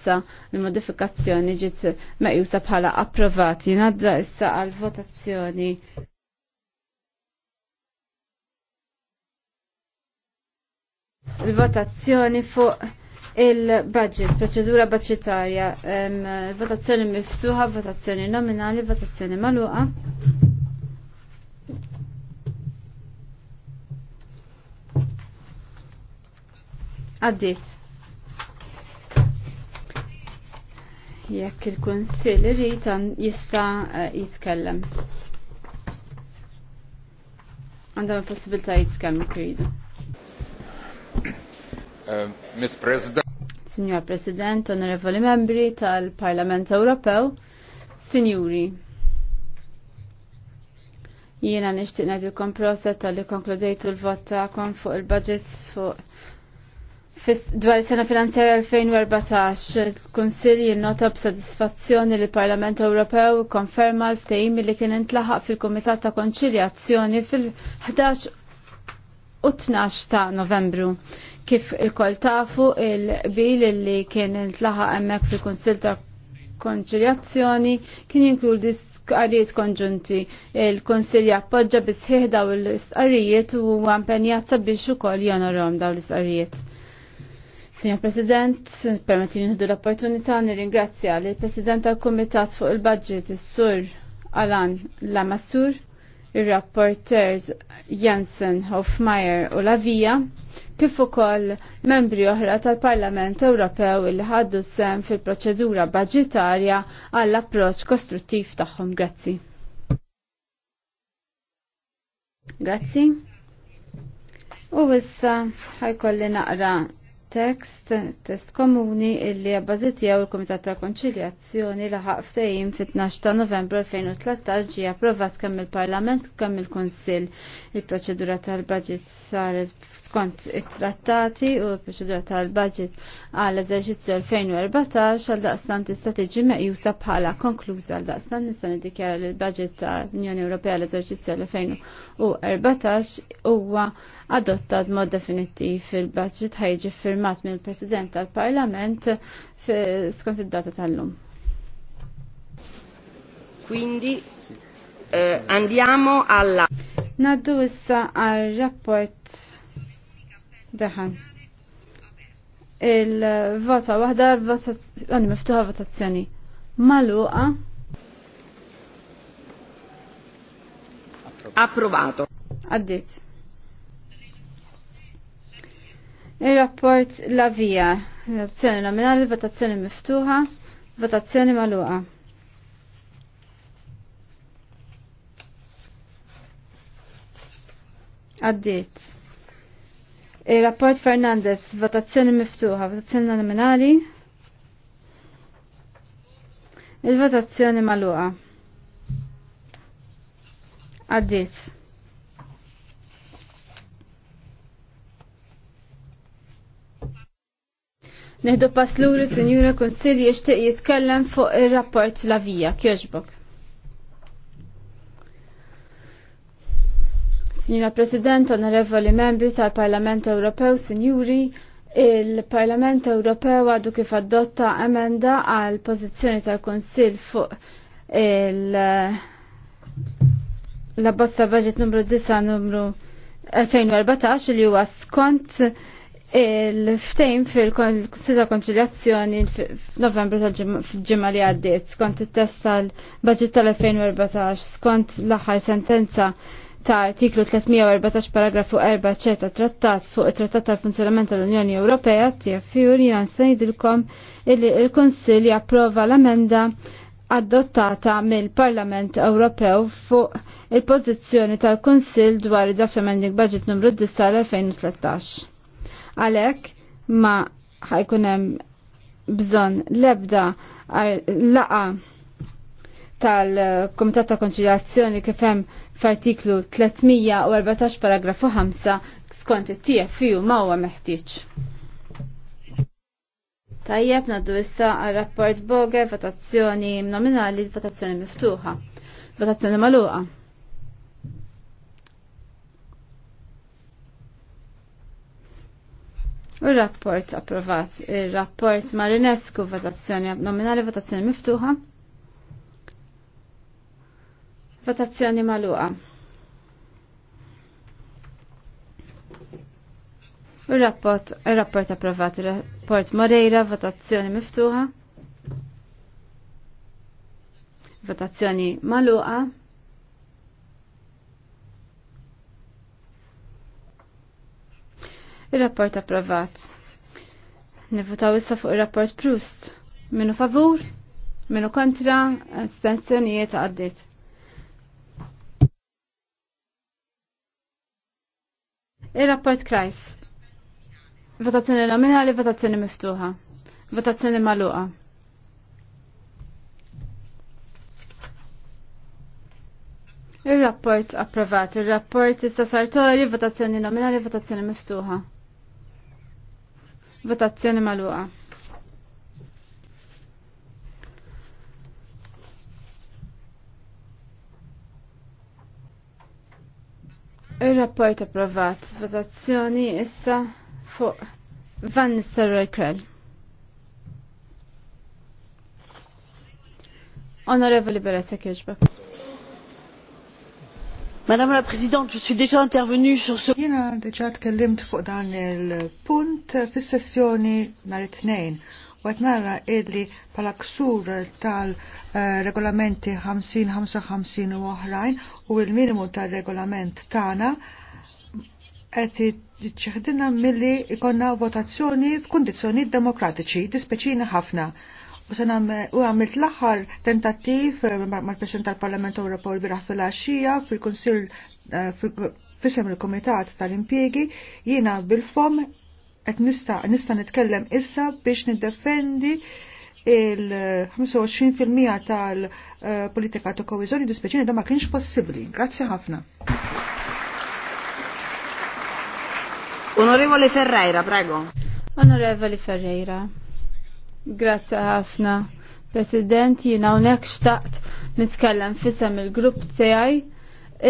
issa l-modifikazzjoni ġiet meqjusa bħala approvati. Nadda issa għal votazzjoni. Il-votazzjoni fuq il-budget, proċedura budgetarja, votazzjoni miftuħa, votazzjoni nominali, votazzjoni maluqa. Għaddit. Jekk il-Kunsill irid jista' eh, jitkellem. Għandhom il-possibilità jitkellmu kridu. Eh, Miss President. Signor President, onorevoli membri tal-Parlament Ewropew, Sinjuri. Jiena nixtieq ngħidilkom proset tal-li konkludejtu l-vot tagħkom fuq il-budgets fuq dwar sena finanzjarja 2014, il-Kunsill jinnota b'sadisfazzjoni li l-Parlament Ewropew konferma l-ftehim li kien intlaħaq fil-Kumitat ta' Konċiljazzjoni fil-11 u 12 ta' Novembru. Kif il-kol tafu il-bil li kien intlaħaq hemmhekk fil-Kunsill ta' Konċiljazzjoni kien jinkludi qarijiet konġunti. Il-Konsilja appoġġa bisħiħ daw l-istqarijiet u għampenjat sabiex ukoll jonorhom daw l-istqarijiet. Signor President, permettini nħdu l-opportunità nirringrazzja li l-President tal-Komitat fuq il-Budget is-Sur Alan Lamassur, ir rapporteur Jensen Hofmeyer u Lavija, kif ukoll membri oħra tal-Parlament Ewropew li ħaddu sem fil-proċedura budgetarja għall-approċċ kostruttiv tagħhom. Grazzi. Grazzi. U issa ħajkolli naqra tekst, test komuni illi għabbażiti għaw il-Komitat ta' Konċiljazzjoni laħaq ftejim fit-12 ta' novembru 2013 ġi approvat kemm il-Parlament kemm il-Konsil. Il-proċedura tal-budget saret skont it-trattati u l-proċedura tal-budget għal eżerċizzju 2014 għal daqstan tista' tiġi meqjusa bħala konkluża għal daqstan nista' niddikjara li l-budget tal-Unjoni Ewropea l eżerċizzju 2014 huwa adottat mod definittiv il-budget ħajġi firmat mill-President tal-Parlament skont id-data tal-lum. Quindi eh, andiamo alla Naddu issa għal rapport daħan. Il-vota waħda, il-votazzjoni, miftuħa votazzjoni. Maluqa. Approvato. Addit. Il-rapport la via, votazzjoni nominali, votazzjoni miftuħa, votazzjoni maluqa. Għaddit. Il-rapport Fernandez, votazzjoni miftuħa, votazzjoni nominali. Il-votazzjoni maluqa. Għaddit. Nihdu pasluru, senjura Konsilji, xtiq jitkellem fuq il-rapport la vija, kjoġbok. Signora President, onorevoli membri tal-Parlament Ewropew, sinjuri, il-Parlament Ewropew għadu kif adotta emenda għal pożizzjoni tal-Konsil fuq il- la bosta budget numru 9 numru 2014 li huwa skont Il-ftejn fil-sita konċiljazzjoni f'Novembru tal-ġimma li għaddiet skont it-test tal-budget tal-2014 skont l-aħħar sentenza ta' artiklu 314 paragrafu 4 ċeta trattat fuq it-trattat tal-funzjonament tal-Unjoni Ewropea TFU li ngħidilkom illi il-Konsil japprova l-amenda adottata mill-Parlament Ewropew fuq il-pożizzjoni tal-Konsil dwar id-Draft Amending Budget numru 10 tal-2013. Għalek ma ħajkunem bżon lebda laqa tal-Komitat ta' Konċiljazzjoni kif hemm f'artiklu 314 paragrafu 5 skont it-TFU ma huwa meħtieġ. Tajjeb naddu issa għal rapport Boge votazzjoni nominali votazzjoni miftuħa. Votazzjoni maluqa. U rapport approvat. Il-rapport Marinescu votazzjoni nominali votazzjoni miftuħa. Votazzjoni maluqa. U rapport, il-rapport approvat. Il-rapport Moreira votazzjoni miftuħa. Votazzjoni maluqa. Il-rapport approvat. Nifutaw issa fuq il-rapport Proust. Minu favur, minu kontra, astensjonijiet għaddit. Il-rapport Kreis. Votazzjoni nominali, votazzjoni miftuħa. Votazzjoni maluqa. Il-rapport approvat. Il-rapport issa sartori, votazzjoni nominali, votazzjoni miftuħa. Votazzjoni maluqa. Il-rapport approvat. Votazzjoni issa fuq Van Nistelrooy Krell. Onorevoli Beresa Kirchbeck. Madame la Présidente, je suis déjà intervenue sur ce... Jena deġa tkellimt fuq dan il-punt fis sessjoni nar it-tnejn. Għat narra illi pala ksur tal-regolamenti 50-55 u oħrajn u il-minimu tal-regolament tana qed ċeħdina milli ikonna votazzjoni f'kundizzjoni demokratiċi, dispeċina ħafna u għamilt l-axar tentattiv eh, ma president tal-Parlament Ewropew biraħ fil-axija fil-Konsil eh, fisem il-Komitat tal-Impjegi jiena bil-fom qed nista' nista' nitkellem issa biex niddefendi il-25% tal-politika eh, ta' kowiżjoni dispeċini da ma kienx possibbli. Grazzi ħafna. Onorevole Ferreira, prego. Onorevole Ferreira. Grazzi ħafna. President, jina unek xtaqt nitkellem fisem il-grupp tijaj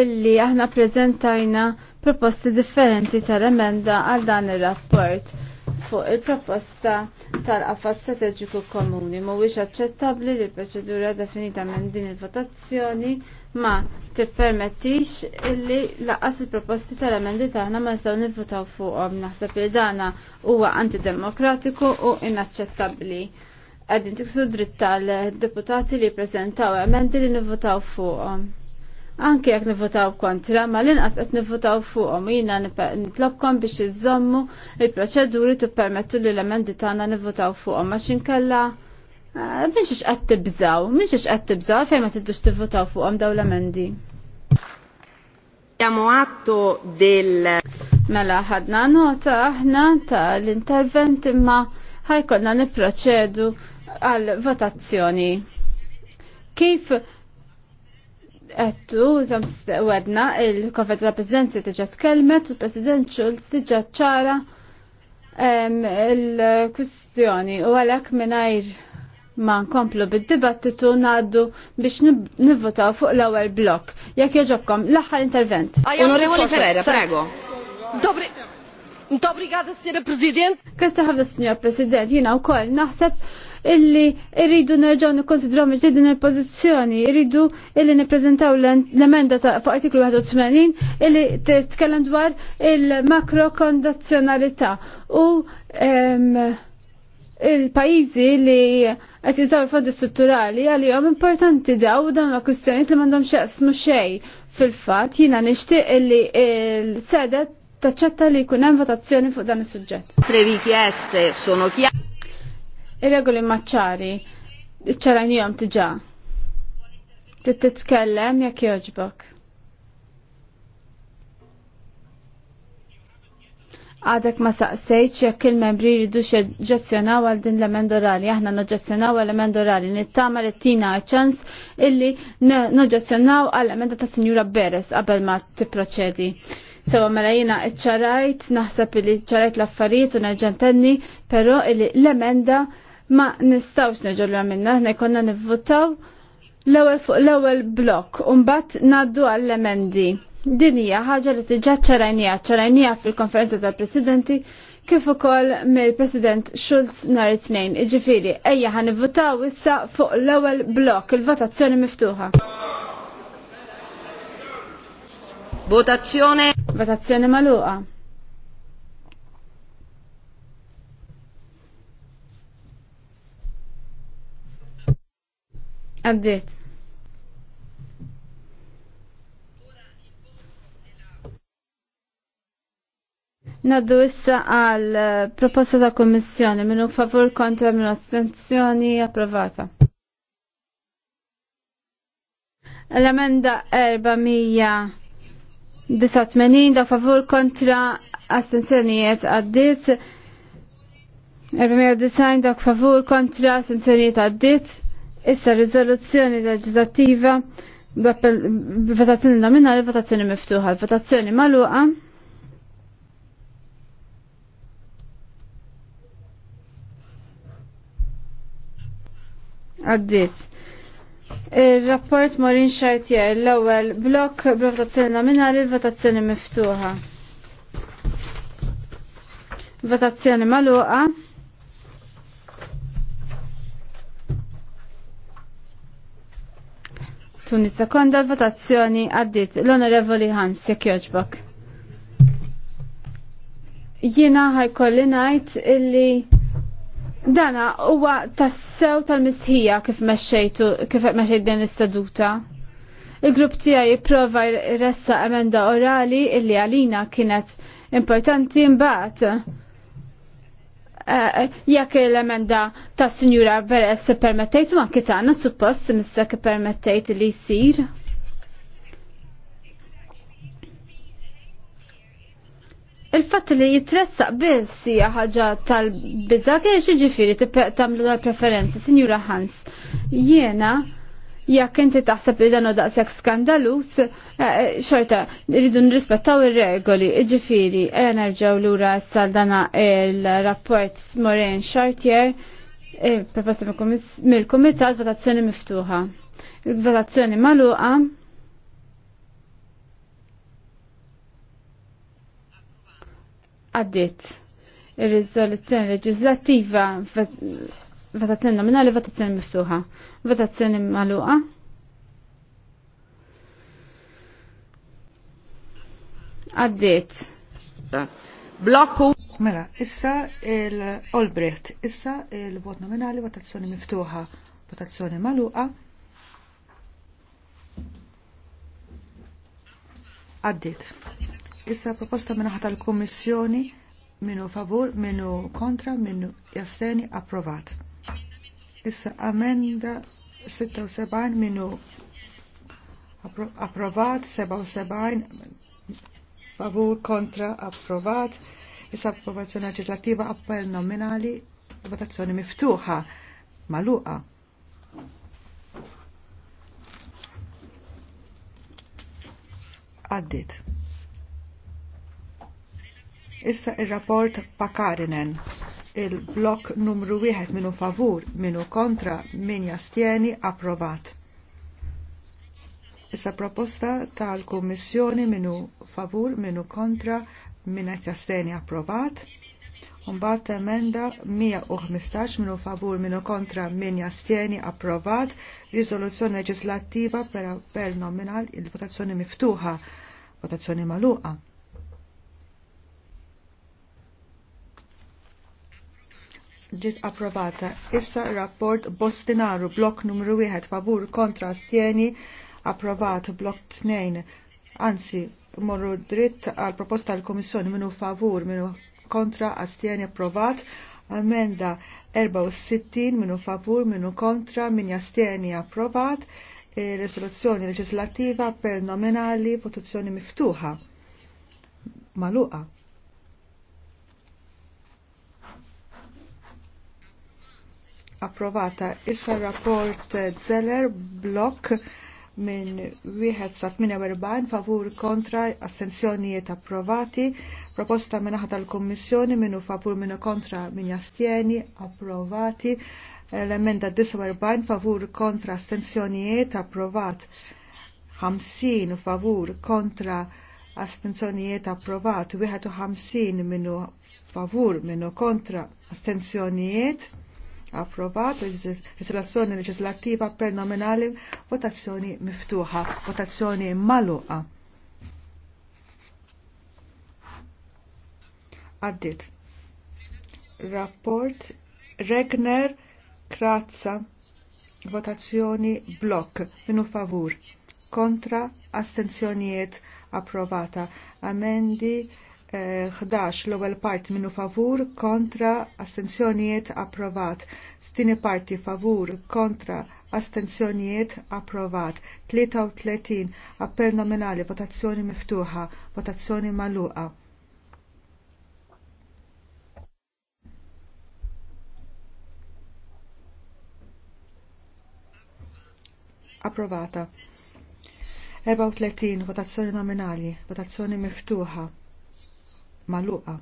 illi aħna prezentajna proposti differenti tal-emenda għal dan ir-rapport fuq il-proposta tal-qafas Strategiku komuni mhuwiex aċċettabbli li l-proċedura definita minn din il-votazzjoni ma tippermettix illi laqas il-proposti tal-emendi taħna ma nistgħu nivvotaw fuqhom naħseb li dana huwa antidemokratiku u inaċċettabbli. Qegħdin tiksu dritt tal-deputati li prezentaw emendi li nivvotaw fuqhom. Anke jekk nivvotaw kontra, ma l-inqas qed nivvutaw fuqhom jiena nitlobkom biex iżommu il-proċeduri tippermettu li l-emendi tagħna nivvotaw fuqhom għax inkella Ah, minx qed tibżaw, minx qed tibżaw fejn ma tiddux tivvotaw fuqhom daw l-amendi. Siamo atto del Mela ħadna nota aħna l intervent imma ħajkonna nipproċedu għal votazzjoni. Kif għettu, wedna, il-konferenza ta' t-ġa t-kelmet, il-president Schulz tiġa ċara il-kustjoni u għalek minajr ma nkomplu bid-dibattitu ngħaddu biex nivvotaw fuq l-ewwel blok. Jekk jogħġobkom l-aħħar intervent. Onorevoli Ferreira, prego. Dobri s Sra. President. Grazie s Signor President. Jiena wkoll naħseb illi irridu nerġaw nikkonsidraw miġedin il-pozizjoni, irridu illi niprezentaw l-emenda ta' fuq artiklu 81 illi t-tkellem dwar il-makrokondazzjonalità u ehm, il-pajizi li qed jużaw il-fondi strutturali għalihom importanti daw dan ma' kwistjonijiet li m'għandhom x'jaqsmu xejn fil-fatt jiena nixtieq li l sedet taċċetta li jkun hemm votazzjoni fuq dan is-suġġett. Tre richieste sono chiare. Ir-regoli maċċari ċaranijom tiġa. Titkellem jekk jogħġbok. għadek ma saqsejt jekk il-membri jridu xeġġezzjonaw għal din l-emend orali. Aħna noġġezzjonaw għal emend orali. Nittama li tina ċans illi noġġezzjonaw għal emenda ta' Sinjura Beres qabel ma tipproċedi. Sewa mela jina ċarajt, naħseb li ċarajt l-affarijiet u nerġantenni, pero illi l-emenda ma nistawx neġollu minna, ħna jkonna nivvutaw l-ewel fuq l-ewel blok, un bat naddu għall-emendi. Din hija ħaġa li tiġa ċarajnija, ċarajnija fil-konferenza tal-Presidenti kif ukoll mill-President Schulz nhar it-tnejn. Iġifieri, ejja ħanivvutaw issa fuq l-ewwel blok, il-votazzjoni miftuħa. Votazzjoni Votazzjoni magħluqa. Għaddit. Naddu issa għal eh, proposta ta' kommissjoni minnu favur kontra minnu astenzjoni approvata. L-emenda 489 da' favur kontra jiet għaddit. 490 da' favur kontra jiet għaddit. Issa rizoluzzjoni leġislattiva b'votazzjoni nominali, votazzjoni miftuħa, votazzjoni maluqa. Għaddit. Il-rapport Morin Chartier, l-ewel blok b'votazzjoni nominali votazzjoni miftuħa. Votazzjoni maluqa. Tuni sekonda votazzjoni għaddit l-Onorevoli Hans joġbok. Jina ħajkolli najt illi dana huwa tas sew tal misħija kif meċċejtu, kif meċċejt din istaduta. Il-grupp tiegħi jipprova jressa emenda orali illi għalina kienet importanti mbagħad. Eh, eh, jekk l-emenda ta' Sinjura Beres permettejtu anke tagħna suppost missa permettejt li jsir. Il-fatt li jitressaq biss hija ħaġa tal-biża kiex jiġifieri tagħmlu dal-preferenzi, Sinjura Hans. Jiena jekk inti taħseb li dan daqshekk skandalus, eh, eh, xorta rridu nirrispettaw ir-regoli, jiġifieri nerġgħu lura issa dana il-rapport Moren Chartier proposta mill-Kumitat votazzjoni miftuħa. Votazzjoni magħluqa. għaddit ir-riżoluzzjoni leġislattiva votazzjoni nominali votazzjoni miftuħa. Votazzjoni magħluqa. Għaddit. Blokku. Mela, issa il-Olbrecht, issa il-vot nominali votazzjoni miftuħa, votazzjoni magħluqa. Għaddit. Issa proposta minna ħata l-Kommissjoni minnu favur, minnu kontra, minnu jasteni approvat. Issa amenda 76 minnu approvat, 77 favur, kontra, approvat. Issa approvazzjoni legislativa appell nominali, votazzjoni miftuħa, maluqa. Addit. Issa il-rapport Pakarinen. Il-blok numru wieħed minu favur, minu kontra, min jastjeni, approvat. Issa proposta tal-Kommissjoni minu favur, minu kontra, min jastjeni, approvat. Umbat emenda 115 minu favur minu kontra min jastjeni approvat risoluzzjoni leġislattiva per nominal il-votazzjoni miftuħa, votazzjoni maluqa. ġiet approvata. Issa rapport Bostinaru blok numru 1 favur kontra stjeni approvat blok 2. Anzi, morru dritt għal proposta tal komissjoni minu favur minu kontra astjeni approvat. Amenda 64 minu favur minu kontra min jastjeni approvat. E Resoluzzjoni leġislativa per nominali votazzjoni miftuħa. Maluqa. approvata. Issa rapport Zeller blok minn wieħed sa 48 favur kontra astenzjonijiet approvati, proposta minn tal l-Kommissjoni minnu favur minnu kontra minn jastjeni approvati, l-emenda 49 favur kontra astenzjonijiet approvat, 50 favur kontra astenzjonijiet approvat, 51 minnu favur minnu kontra astenzjonijiet approvat il-legislazzjoni leġislattiva per nominali votazzjoni miftuħa, votazzjoni maluqa. Addit. Rapport Regner Krazza votazzjoni blok minu favur kontra astenzjonijiet approvata. Amendi 11 l-ewwel parti minnu favur kontra astenzjonijiet approvat. Tini parti favur kontra astenzjonijiet approvat. 33 appell nominali votazzjoni miftuħa, votazzjoni maluqa. Approvata. 34 votazzjoni nominali, votazzjoni miftuħa, maluqa.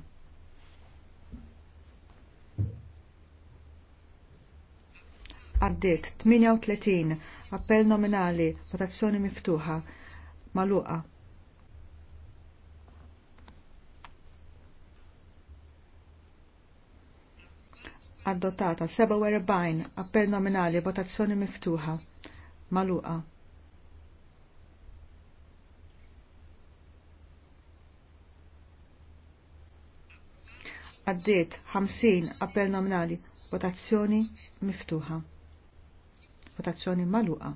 Għaddit 38 appell nominali votazzjoni miftuħa maluqa. Adottata 47 appell nominali votazzjoni miftuħa maluqa. għaddiet 50 appell nominali votazzjoni miftuħa. Votazzjoni maluqa.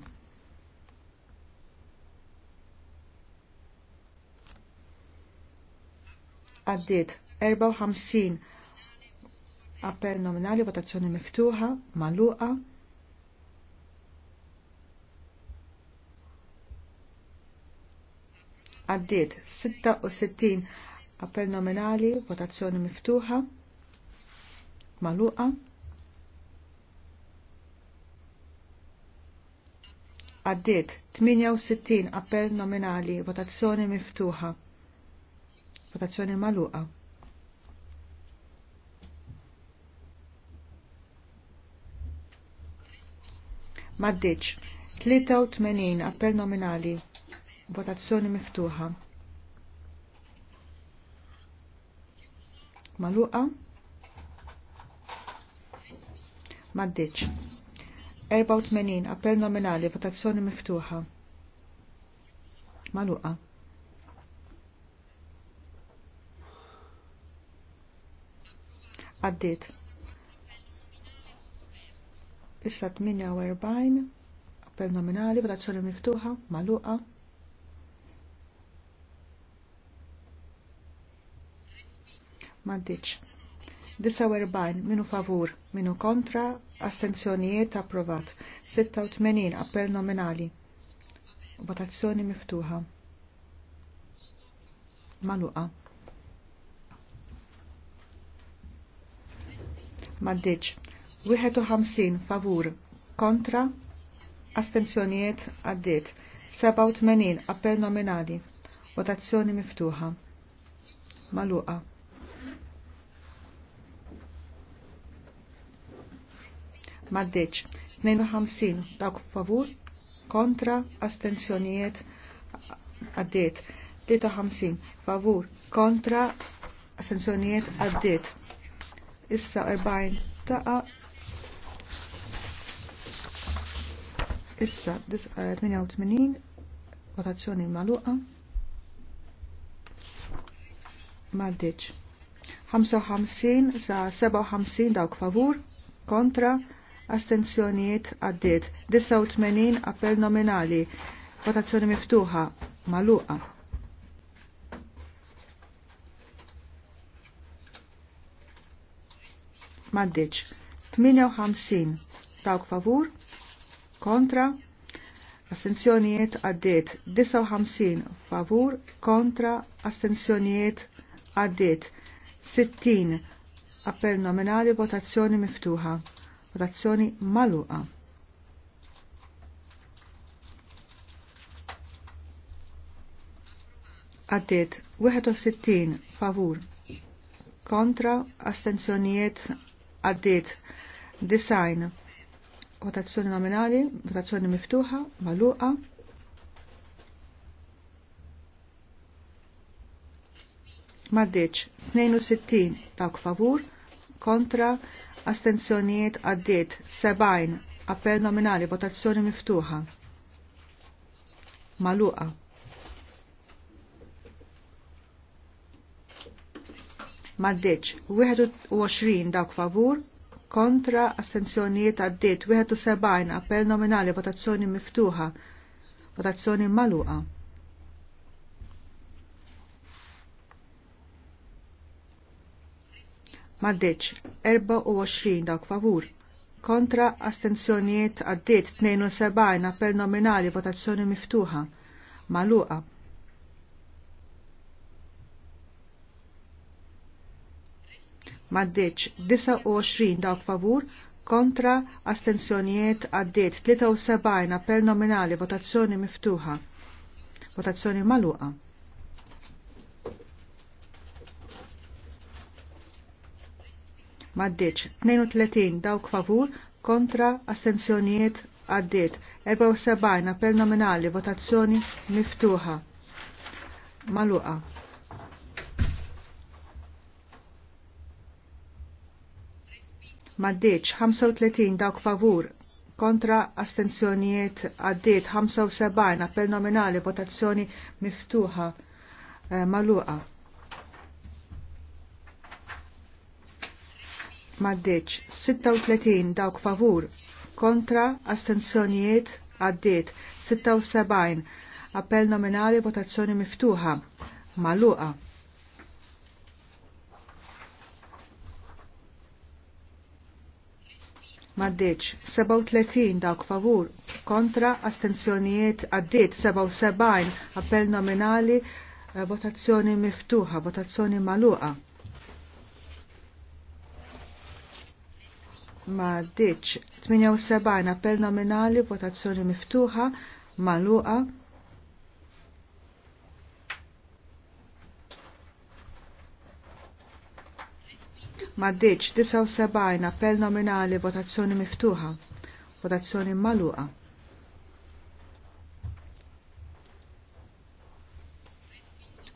Għaddiet 54 appell nominali votazzjoni miftuħa maluqa. Għaddiet 66 Appell nominali, votazzjoni miftuħa, maluqa. Għaddit 68 appell nominali, votazzjoni miftuħa, votazzjoni maluqa. Maddiċ 83 appell nominali, votazzjoni miftuħa. maluqa maddiċ 84 appell nominali votazzjoni miftuħa maluqa għaddit issa 48 appell nominali votazzjoni miftuħa maluqa Maddiċ. 49 minu favur, minu kontra, astenzjonijiet approvat. 86 appell nominali. Votazzjoni miftuħa. Maluqa. u 51 favur, kontra, astenzjonijiet għaddit. 87 appell nominali. Votazzjoni miftuħa. Maluqa. maddeċ. 52 dawk favur kontra astenzjonijiet għaddiet. 53 favur kontra astenzjonijiet għaddiet. Issa 40 taqa Issa 88 eh, votazzjoni maluqa maddeċ 55 sa 57 dawk favur kontra astenzjonijiet għaddiet. 89 appell nominali, votazzjoni miftuħa, maluqa. Maddiċ. 58 dawk favur, kontra, astenzjonijiet għaddiet. 59 favur, kontra, astenzjonijiet għaddiet. 60 appell nominali, votazzjoni miftuħa votazzjoni maluqa. Għaddiet 61 favur kontra astenzjonijiet għaddiet design votazzjoni nominali, votazzjoni miftuħa, maluqa. Maddeċ 62 tawk favur kontra astenzjonijiet għaddiet 70 appell nominali votazzjoni miftuħa. Maluqa. Maddeċ 21 dawk favur kontra astenzjonijiet għaddiet 71 appell nominali votazzjoni miftuħa. Votazzjoni maluqa. maddeċ 24 dawk favur kontra astenzjonijiet għaddiet 72 appell nominali votazzjoni miftuħa maluqa maddeċ 29 dawk favur kontra astenzjonijiet għaddiet 73 appell nominali votazzjoni miftuħa votazzjoni maluqa maddeċ 32 dawk favur kontra astenzjonijiet għaddiet. 74 appell nominali votazzjoni miftuħa. Maluqa. maddeċ 35 dawk favur kontra astenzjonijiet għaddiet 75 appell nominali votazzjoni miftuħa. Eh, maluqa. maddeċ 36 dawk favur kontra astenzjonijiet għaddiet 76 appell nominali votazzjoni miftuħa maluqa Maddeċ 37 dawk favur kontra astenzjonijiet għaddiet 77 appell nominali eh, votazzjoni miftuħa votazzjoni maluqa ma ditx 78 appell nominali votazzjoni miftuħa maluqa ma ditx 79 appell nominali votazzjoni miftuħa votazzjoni maluqa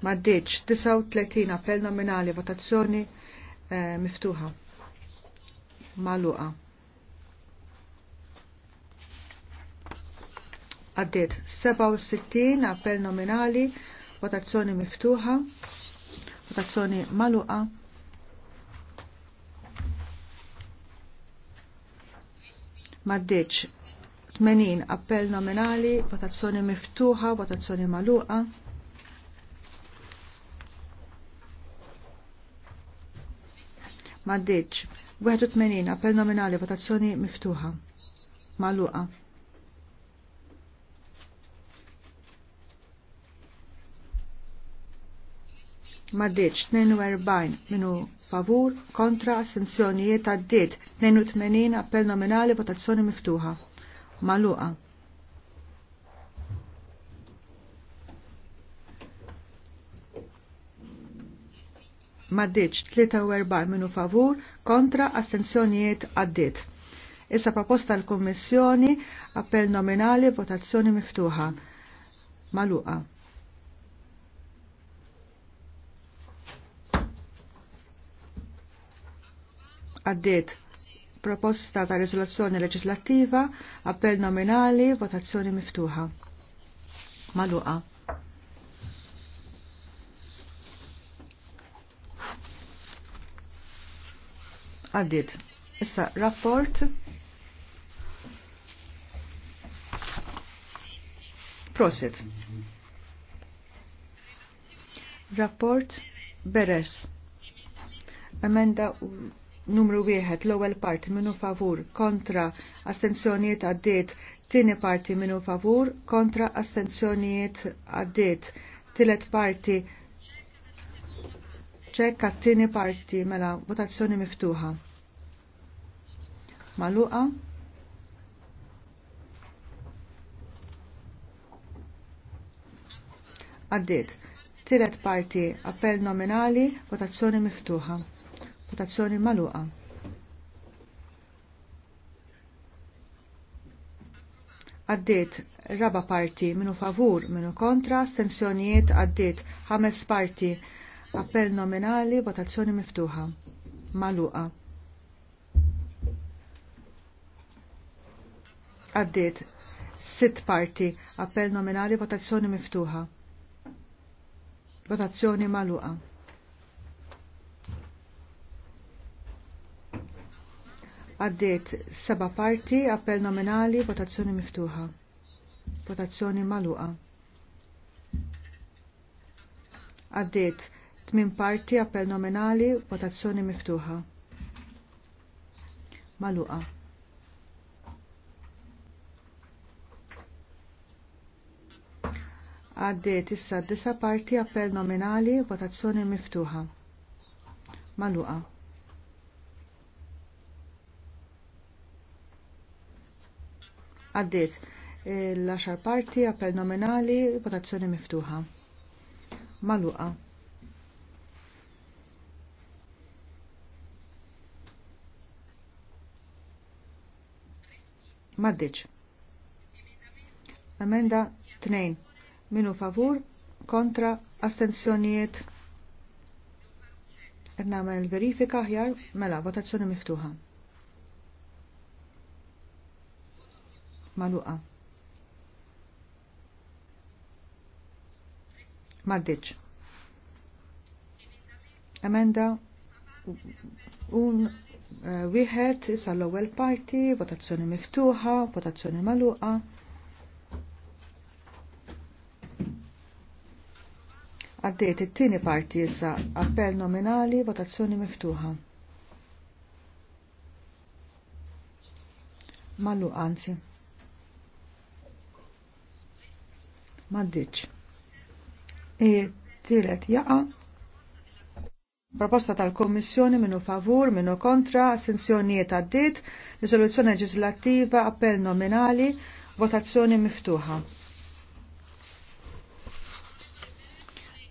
ma ditx 39 appell nominali votazzjoni eh, miftuħa maluqa. Għaddiet 67 appell nominali, votazzjoni miftuħa, votazzjoni maluqa. Maddeċ 80 appell nominali, votazzjoni miftuħa, votazzjoni maluqa. Maddeċ 81 appell nominali votazzjoni miftuħa. Maluqa. Maddeċ 42 minu favur kontra assenzjonijiet għaddit 82 appell nominali votazzjoni miftuħa. Maluqa. maddiċ 43 minu favur kontra astenzjonijiet għaddit. Issa proposta l-Kommissjoni appell nominali votazzjoni miftuħa. Maluqa. Għaddit proposta ta' risoluzzjoni leġislattiva, appell nominali, votazzjoni miftuħa. Maluqa. għaddit. Issa rapport Prosit. Rapport Beres. Amenda numru wieħed l-ewwel parti minnu favur kontra astenzjonijiet għaddiet, tieni parti minnu favur kontra astenzjonijiet għaddiet, tielet parti ċekka t-tieni parti mela votazzjoni miftuħa maluqa għaddit tiret parti appell nominali votazzjoni miftuħa votazzjoni maluqa għaddit raba parti minu favur minu kontra stenzjonijiet għaddit ħames parti appell nominali votazzjoni miftuħa maluqa għaddiet. sit parti, appell nominali, votazzjoni miftuħa. Votazzjoni maluqa. Għaddiet seba parti, appell nominali, votazzjoni miftuħa. Votazzjoni maluqa. Għaddiet tmin parti, appell nominali, votazzjoni miftuħa. Maluqa. Għaddiet issa disa parti appell nominali votazzjoni miftuħa. Maluqa. Għaddiet l axar parti appell nominali votazzjoni miftuħa. Maluqa. Maddiċ. Amenda 2. Minu favur kontra astenzjonijiet qed nagħmel verifika aħjar mela votazzjoni miftuħa. Maluqa. Maddiċ. Emenda un eh, wieħed uh, l-ewwel parti, votazzjoni miftuħa, votazzjoni maluqa. Għaddejt it-tieni parti issa appell nominali votazzjoni miftuħa. Mallu anzi. Maddiċ. E tielet jaqa. Proposta tal-Kommissjoni minu favur, minu kontra, assenzjonijiet għaddiet, risoluzzjoni leġislattiva, appell nominali, votazzjoni miftuħa.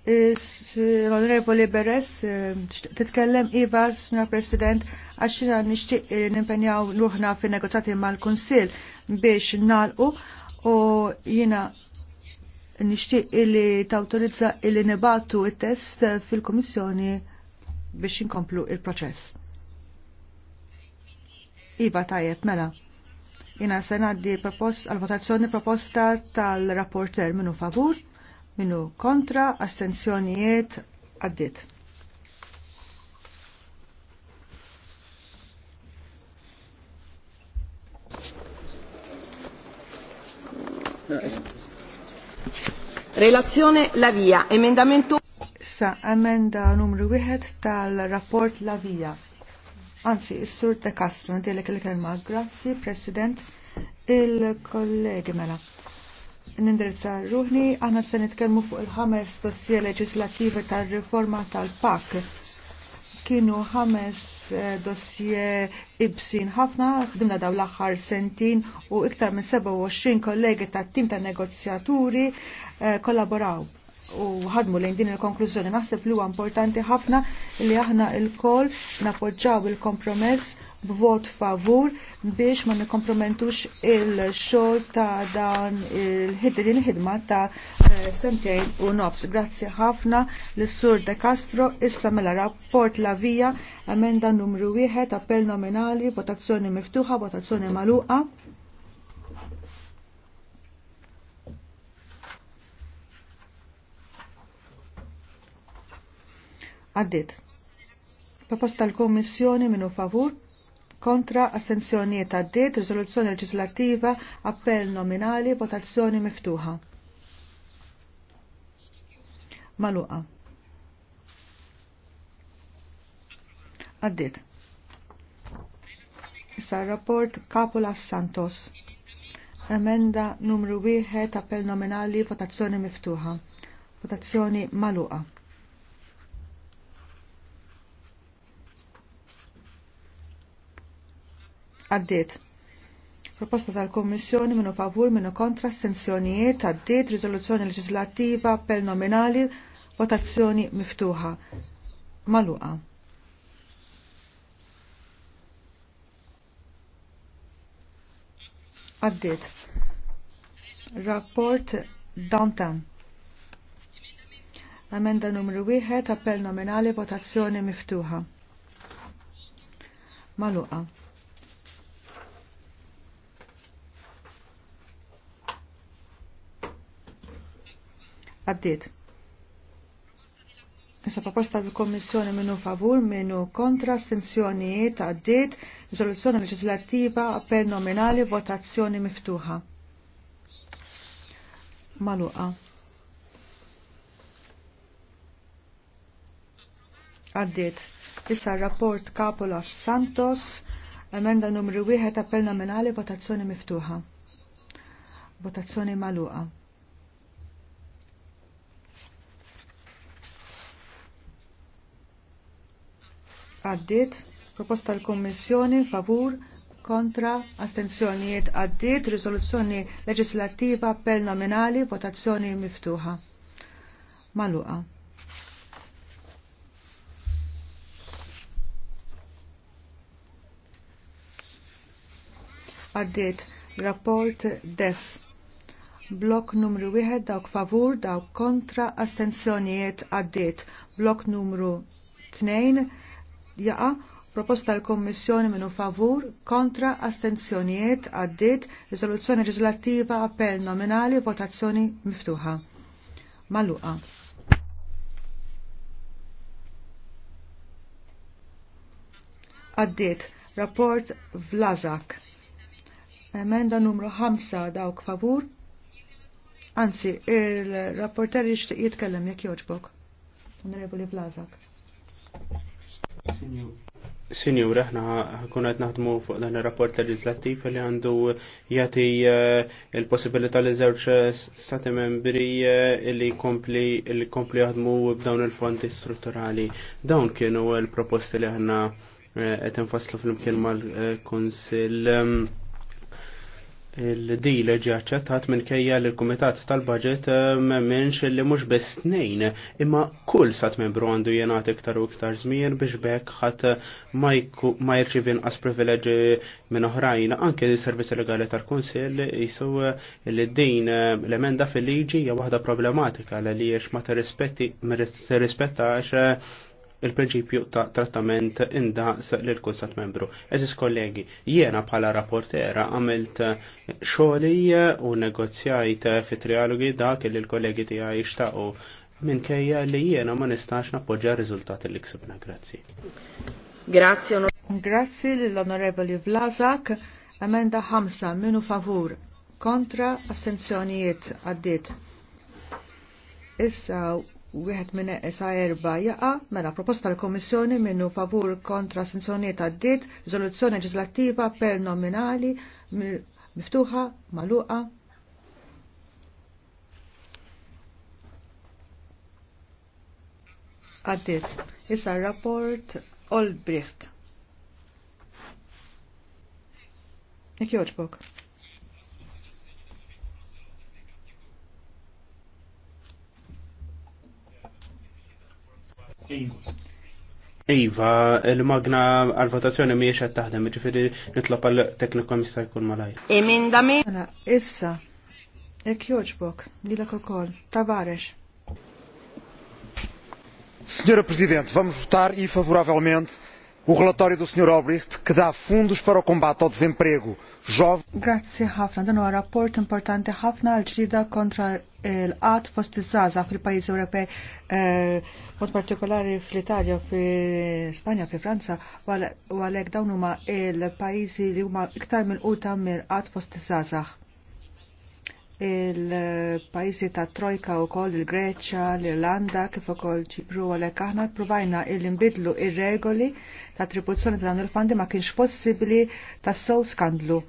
l-Onorevoli Beres, eh, titkellem Iva, Sra. President, għaxina nishtiq eh, nimpenjaw luħna fin negozjati mal-Konsil biex nalqu u jina nishtiq illi tawtorizza illi nibatu il-test fil-Komissjoni biex inkomplu il-proċess. Iva tajjeb, mela. Jina senaddi propost, għal-votazzjoni proposta tal-rapporter minu favur minu kontra astenzjonijiet għaddit. Relazione La Via, emendamento Sa emenda numru wieħed tal-rapport La Via. Anzi, s-sur De Castro, dilek il-kelma. Grazzi, President, il-kollegi mela nindirizza ruħni, aħna se nitkellmu fuq il-ħames dossier leġislativi tal-riforma tal-PAK. Kienu ħames eh, dossier ibsin ħafna, ħdimna daw l-aħħar sentin u iktar minn 27 kollegi tat-tim ta' negozjaturi eh, kollaboraw u ħadmu lejn din il-konklużjoni naħseb li huwa importanti ħafna li aħna l-koll nappoġġaw il-kompromess b'vot favur biex ma nikkompromentux il-xogħol ta' dan il-ħidma ta' eh, sentejn u nofs. Grazzi ħafna l-Sur De Castro issa mela rapport la vija emenda numru wieħed appell nominali, votazzjoni miftuħa, votazzjoni maluqa. Għaddit. Proposta tal-Komissjoni minu favur kontra astenzjonijiet għaddit, rizoluzzjoni legislativa, appell nominali, votazzjoni miftuħa. Maluqa. Għaddit. Issa rapport Kapula Santos. Emenda numru 1, appell nominali, votazzjoni miftuħa. Votazzjoni maluqa. għaddiet. Proposta tal-Kommissjoni minnu favur minnu kontra stenzjonijiet għaddiet rizoluzzjoni leġislattiva pel nominali votazzjoni miftuħa. Maluqa. Għaddiet. Rapport Downtown. Amenda numru 1, appell nominali, votazzjoni miftuħa. Maluqa. għaddit. Issa proposta tal komissjoni minnu favur, minnu kontra, stenzjonijiet, għaddiet, risoluzzjoni leġislattiva, appell nominali, votazzjoni miftuħa. Maluqa. Għaddit. Issa rapport Kapula Santos, emenda numru 1, appell nominali, votazzjoni miftuħa. Votazzjoni maluqa. għaddit, proposta l-Kommissjoni favur kontra astenzjonijiet għaddit, risoluzzjoni leġislattiva appell nominali, votazzjoni miftuħa. Maluqa. Għaddit, rapport des. Blok numru 1 dawk favur, dawk kontra, astenzjonijiet għaddit. Blok numru 2 jaqa proposta l kommissjoni minu favur kontra astenzjonijiet għaddit Risoluzzjoni leġislattiva appell nominali votazzjoni miftuħa. Maluqa. Għaddit rapport Vlazak. Emenda numru 5 dawk favur. Anzi, il-rapporter jixtieq jitkellem jekk joġbok. Onorevoli Vlazak. Sinjur, aħna kunet naħdmu fuq dan il-rapport leġislattiv li għandu jati eh, il-possibilità li zewċ eh, stati membri eh, li kompli li kompli jaħdmu b'dawn il-fondi strutturali. Dawn kienu il-proposti li aħna qed infaslu fl-imkien mal-Konsil il-dile ġaċċettat minn kejja l-Kumitat tal-Budget eh, memminx li mux biss snejn imma kull sat membru għandu jenat iktar u iktar żmien biex bekk ħadd ma jirċivin as privileġi minn oħrajn anke s-servizzi legali tal-Kunsill jisu eh, li din eh, l-emenda fil-liġi hija waħda problematika li jiex ma tirrispettax il-prinċipju ta' trattament indaqs lil kull membru. Eżis kollegi, jiena bħala rapportera għamilt xoli u negozjajt fit trialogi dak li l-kollegi tiegħi jixtaqu minkejja li jiena ma nistax nappoġġa r li ksibna. Grazzi. Grazzi. Grazzi lill-Onorevoli Vlazak. emenda ħamsa minu favur, kontra astenzjonijiet għaddit. Issa Wieħed minn sa erba jaqa mela proposta l-Komissjoni minnu favur kontra sanzjonijiet dit, riżoluzzjoni leġislattiva per nominali miftuħa maluqa. Għaddit. Issa rapport Olbricht. Ekki joġbok. Iva, il-magna għal-votazzjoni miex għed taħdem, ġifiri nitlop għal-tekniku mista jkun malaj. Emendami. Mela, issa, ek joġbok, lilek kokol, tavarex. Signora Presidente, vamos votar i e favoravelmente o relatório do Sr. Albrecht que dá fundos para o combate ao desemprego jovem. Grazie ħafna, dan huwa rapport importanti ħafna għal contra o ato qat fost iż-żgħażagħ fil-pajjiż Ewropej, eh, mod partikolari fl-Italja, fl-Spanja, fi Franza, u għalhekk dawn huma l-pajjiżi li huma iktar minn quta mill-qat fost iż-żgħażagħ il-pajjiżi ta' Trojka wkoll il-Greċja, l-Irlanda kif ukoll Ċipru għalek aħna provajna il imbidlu il regoli ta' tribuzzjoni ta' dan il-fondi ma kienx possibbli sow skandlu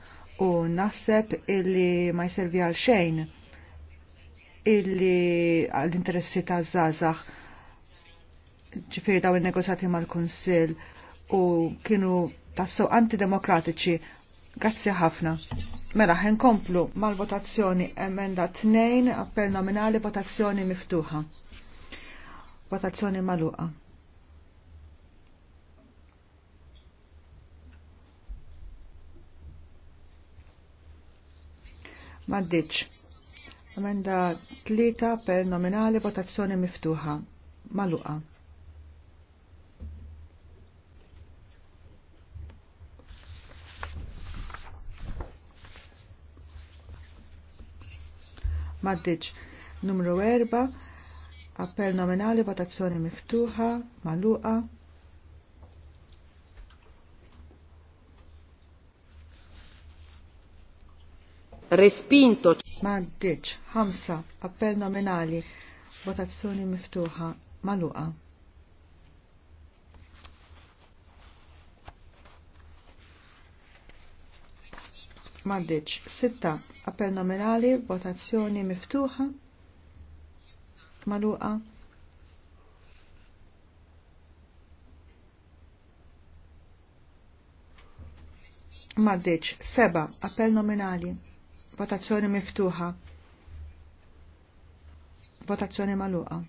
u naħseb illi ma jservi għal xejn illi għall-interessi ta' zazax ġifiri daw il-negozjati mal-Konsil u kienu tassew antidemokratiċi. Grazzi ħafna. Mela, ħen komplu mal-votazzjoni emenda 2, appell nominali, votazzjoni miftuħa. Votazzjoni maluqa. Maddiċ. Emenda 3, appell nominali, votazzjoni miftuħa. Maluqa. maddiċ. Numru 4, appell nominali, votazzjoni miftuħa, maluqa. Respinto. Maddiċ, 5, appell nominali, votazzjoni miftuħa, maluqa. maddiċ. Sitta, appell nominali, votazzjoni miftuħa, maluqa. Maddiċ. Seba, appell nominali, votazzjoni miftuħa, votazzjoni maluqa.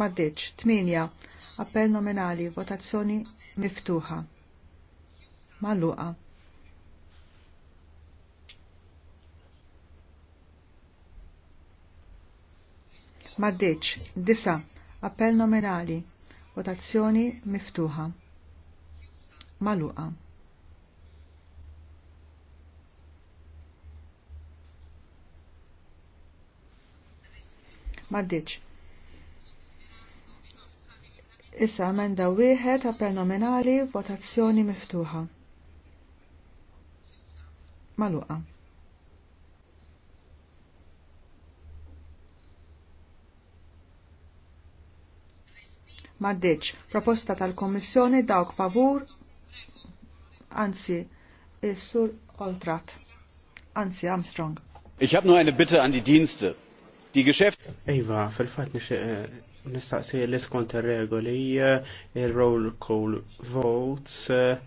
maddeċ tminja. Appell nominali, votazzjoni miftuħa. Malluqa. Maddeċ, disa, appell nominali, votazzjoni miftuħa. Maluqa. Maddeċ, Issa emenda wieħed appell nominali votazzjoni miftuħa. Maluqa. Maddeċ, proposta tal-Kommissjoni dawk favur, anzi, issur Oltrat, anzi Armstrong. Ich habe nur eine Bitte an die Dienste. Die Geschäfte... Eva, fil-fat nistaqsi li skont ir-regoli eh, ir-roll call votes eh,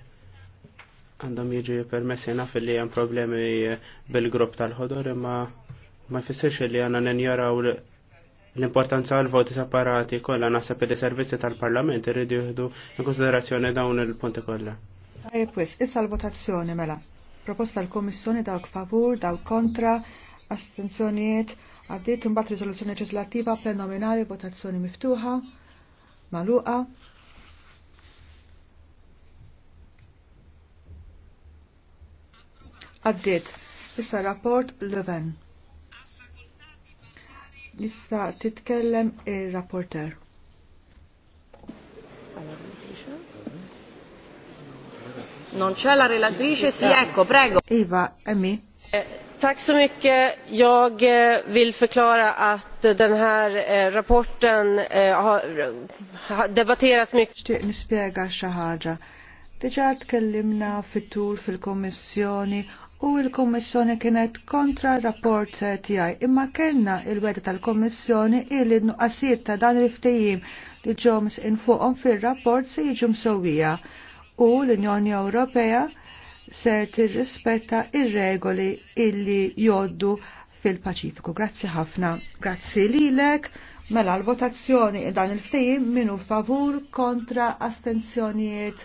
għandhom jiġi permessi naf li hemm problemi eh, bil-grupp tal-ħodor imma ma jfissirx li għandna ninjaraw l-importanza għal voti separati kollha naħseb li servizzi tal-Parlament irridu jieħdu in konsiderazzjoni dawn il-punti kollha. Tajjeb wis, issa l-votazzjoni mela. Proposta l-Komissjoni dawk favur, dawk kontra, astenzjonijiet, Għaddiet imbagħad riżoluzzjoni leġislattiva plenominali votazzjoni miftuħa maluqa. Għaddit issa rapport Leven. Lista titkellem ir-rapporter. Non c'è la relatrice, sì, ecco, prego. Iva, è me. Eh, Tack så mycket. Jag eh, vill förklara att den här eh, rapporten eh, har debatterats mycket. Nispiega xaħġa. tkellimna fit fil-Kommissjoni u l-Kommissjoni kienet kontra rapport tiegħi imma kellna il-weda tal-Kommissjoni illi nuqqasijiet ta' dan il-ftehim li ġoms infuqhom fir-rapport se jiġu msewwija u l-Unjoni Ewropea se tirrispetta ir-regoli illi joddu fil-Paċifiku. Grazzi ħafna. Grazzi lilek. Mela l-votazzjoni dan il-ftejim minu favur kontra astenzjonijiet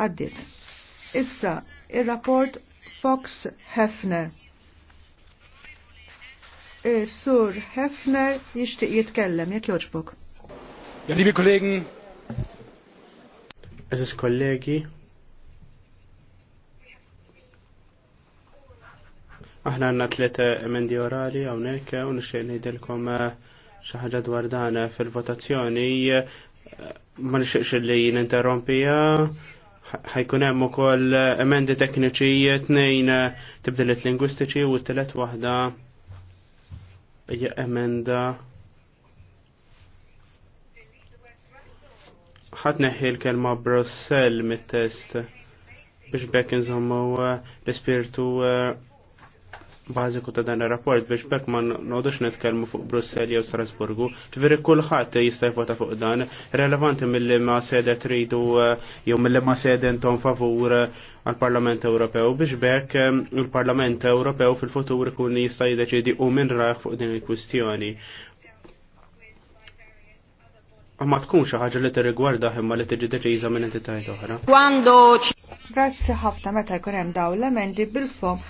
għaddit. Issa, il-rapport Fox Hefner. E, Sur Hefner jishtiq jitkellem, jek joġbuk. Ja, liebe Kollegen, es ist Kollegi, Aħna għanna tlet emendi orali għawnek u nixxie nidilkom eh, xaħġa dwar dan fil-votazzjoni. Eh, ma nixxiex li ninterrompija. Ħajkun hemm ukoll emendi tekniċi tnejn tibdilet lingwistiċi u t-telet waħda hija emenda ħadd neħi l-kelma Brussell mit-test biex bekk inżommu eh, l-ispirtu bażiku ta' dan ir-rapport biex bekk ma nodux netkelmu fuq Brussel jew Strasburgu. Ġifieri kulħadd jista' jvota fuq dan, relevanti milli ma sede tridu eh, jew mill-li ma sede nton favur eh, għal-Parlament Ewropew biex bekk eh, il-Parlament Ewropew fil-futur kun jista' deċidi u minn raħ fuq din il-kwistjoni. Ma tkun xi ħaġa li tirrigwarda imma li tiġi deċiża minn entitajiet oħra. Grazzi ħafna meta jkun hemm dawn l-emendi bil-fom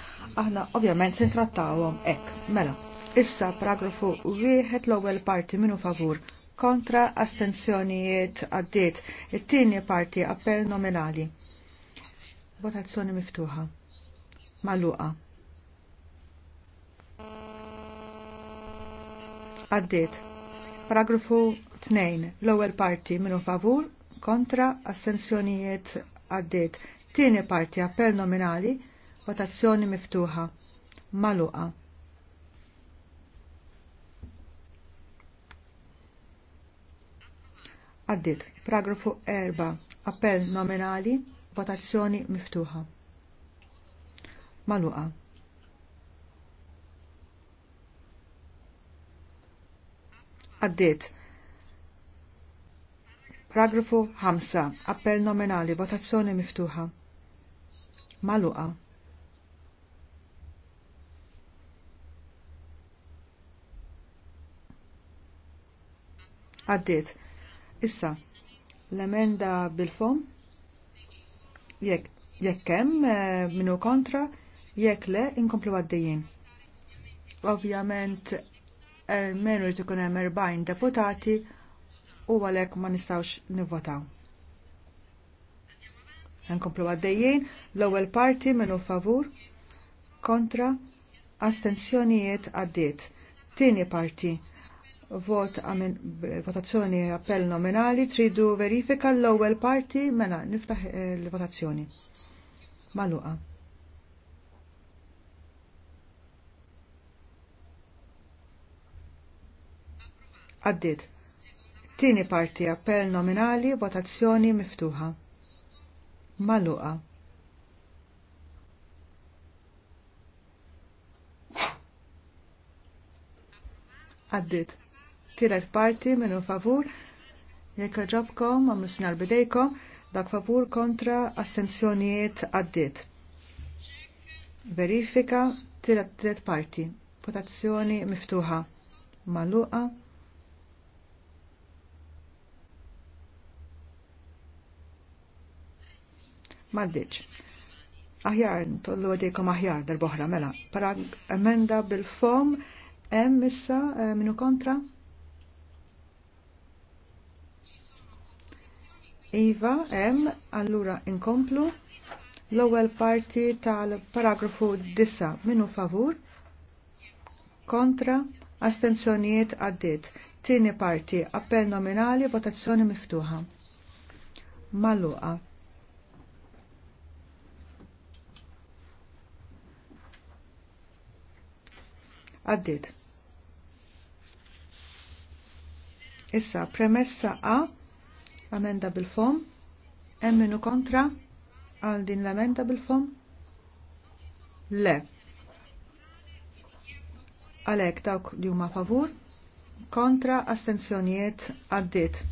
aħna ovvjament se ntrattawhom hekk. Mela, issa paragrafu wieħed l-ewwel parti minu favur kontra astensjonijiet għaddiet. It-tieni parti appell nominali. Votazzjoni miftuħa. Maluqa. Għaddiet. Paragrafu 2. L-ewwel parti minu favur kontra astensjonijiet għaddiet. Tieni parti appell nominali. Votazzjoni miftuħa. Maluqa. Għaddit. Paragrafu 4. Appell nominali. Votazzjoni miftuħa. Maluqa. Għaddit. Paragrafu 5. Appell nominali. Votazzjoni miftuħa. Maluqa. għaddiet. Issa, l-emenda bil-fom, jekk jekk hemm eh, minu kontra, jekk le inkomplu għaddejjin. Ovvjament eh, menu li tukun hemm 40 deputati u għalhekk ma nistgħux nivvotaw. Nkomplu għaddijin l-ewwel parti minnu favur kontra astensjonijiet għaddiet. Tieni parti vot għamen votazzjoni appell nominali tridu verifika l-ewwel parti mela niftaħ il-votazzjoni. Eh, Maluqa. Għaddit. Tini parti appell nominali votazzjoni miftuħa. Maluqa. Għaddit tiret parti u favur jekk ġobkom għamlu sinar bidejkom dak favur kontra astensjonijiet għaddit. Verifika tiret tiret parti. Votazzjoni miftuħa. Maluqa. Maddiċ. Aħjar, tollu għadikom aħjar darboħra, mela. Parag emenda bil-fom, emissa, eh, minu kontra? Iva, M, allura inkomplu. L-ewwel parti tal-paragrafu 9 minu favur. Kontra, astenzjonijiet għaddit. Tieni parti, appell nominali, votazzjoni miftuħa. Maluqa. Għaddit. Issa, premessa A, Amenda bil-fom. Emminu kontra għal din l-amenda bil-fom? Le. Għalek dawk li huma favur? Kontra astenzjonijiet għaddit.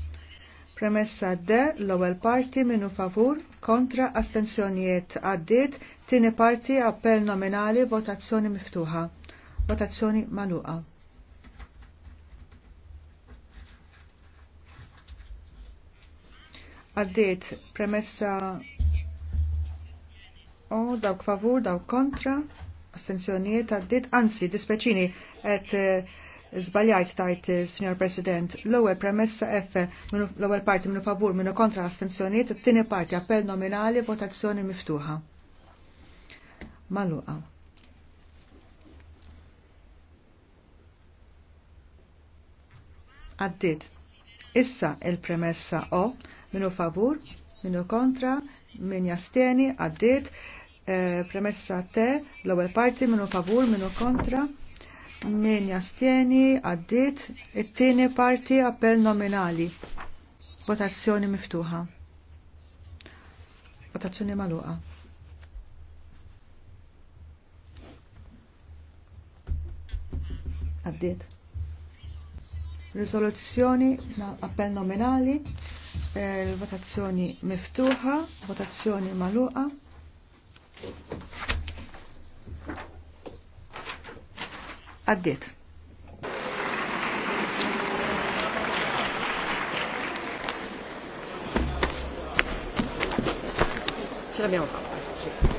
Premessa D l-ewwel parti minu favur, kontra astenzjonijiet għaddit, tieni parti appell nominali votazzjoni miftuħa. Votazzjoni maluqa. għaddiet premessa o dawk favur, dawk kontra, astenzjonijiet għaddiet, anzi, dispeċini, et eh, zbaljajt tajt, eh, Signor President, l-ewel premessa F, l-ewel parti minu favur, minu kontra astenzjonijiet, t-tini parti appell nominali, votazzjoni miftuħa. Maluqa. Għaddit. Issa il-premessa O minu favur, minu kontra, min jasteni, għaddit, eh, premessa te, l-ewwel parti minu favur, minu kontra, min jasteni, għaddit, it-tieni parti appell nominali. Votazzjoni miftuħa. Votazzjoni maluqa. Għaddit. Risoluzzjoni appell nominali, eh, votazzjoni miftuħa, votazzjoni maluqa. Għaddiet. Ce l'abbiamo fatta, sì.